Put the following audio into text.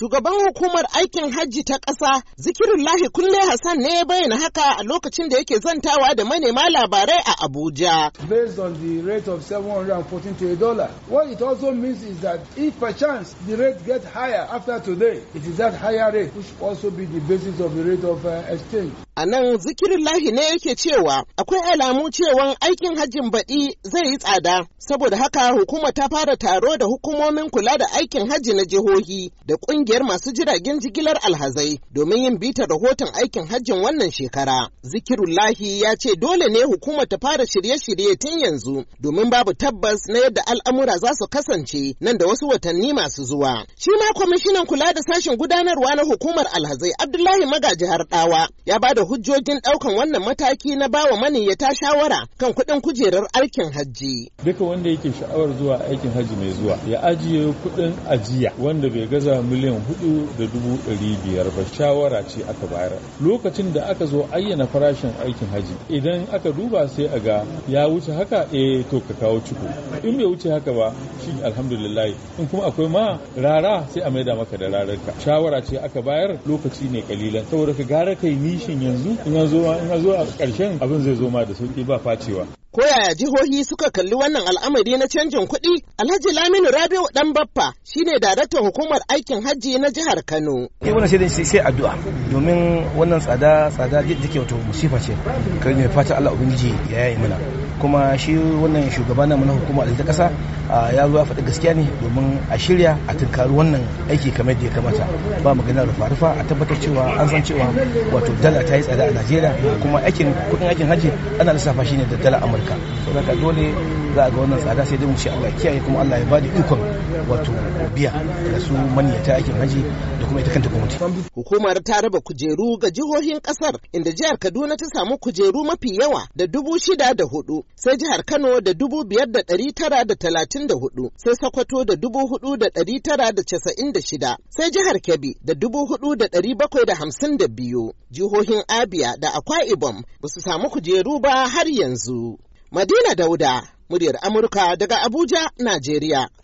Shugaban hukumar aikin hajji ta ƙasa zikirullahi kulle Hassan ne ya bayyana haka a lokacin da yake zantawa da manema labarai a Abuja. Based on the rate of 714 to a dollar, what it also means is that if a chance the rate get higher after today, it is that higher rate which also be the basis of the rate of uh, exchange. A nan zikirin lahi ne yake cewa akwai alamu cewan aikin hajjin baɗi zai yi tsada, saboda haka hukuma ta fara taro da hukumomin kula da aikin hajji na jihohi da ƙungiyar masu jiragen jigilar alhazai domin yin bitar rahoton aikin hajjin wannan shekara. zikirullahi lahi ya ce dole ne hukuma ta fara shirye-shirye tun yanzu domin babu tabbas na yadda al'amura za su kasance nan da wasu watanni masu zuwa. Shi ma kwamishinan kula da sashen gudanarwa na hukumar alhazai Abdullahi Magaji ɗawa ya ba da hujjojin ɗaukan wannan mataki na bawa maniyyata shawara kan kuɗin kujerar aikin hajji. Duka wanda yake sha'awar zuwa aikin hajji mai zuwa ya ajiye kuɗin ajiya wanda bai gaza miliyan hudu da dubu ɗari biyar ba shawara ce aka bayar. Lokacin da aka zo ayyana farashin aikin hajji idan aka duba sai a ga ya wuce haka eh to ka kawo ciko in bai wuce haka ba shi alhamdulillah in kuma akwai ma rara sai a maida maka da rararka shawara ce aka bayar lokaci ne kalilan saboda ka gara kai nishin yanzu yanzu in ya zo a ƙarshen abin zai zo ma da sauki ba facewa. Ko yaya jihohi suka kalli wannan al'amari na canjin kuɗi? Alhaji Laminu Rabiu Dan Baffa shine daraktan hukumar aikin hajji na jihar Kano. Eh wannan sai sai addu'a domin wannan tsada tsada jikin wato musifa ce. Kai ne fata Allah ubangiji ya yi mana. kuma shi wannan shugaba na hukumar ta kasa ya zo ya faɗi gaskiya ne domin a shirya a tunkari wannan aiki kamar da ya kamata ba mu gina rufa rufa a tabbatar cewa an san cewa wato dala ta yi tsada a najeriya kuma aikin kuɗin aikin hajji ana lissafa shi ne da dala amurka saboda dole za a ga wannan tsada sai dai mu ce allah kiyaye kuma allah ya da ikon wato biya da su maniyata aikin hajji kuma ita kanta gwamnati. Hukumar ta raba kujeru ga jihohin kasar inda jihar Kaduna ta samu kujeru mafi yawa da dubu shida da hudu sai jihar Kano da dubu biyar da ɗari tara da talatin da hudu sai Sokoto da dubu hudu da ɗari tara da casa'in da shida sai jihar Kebbi da dubu hudu da ɗari bakwai da hamsin da biyu. Jihohin Abia da Akwa Ibom ba su samu kujeru ba har yanzu. Madina Dauda, muryar Amurka daga Abuja, Najeriya.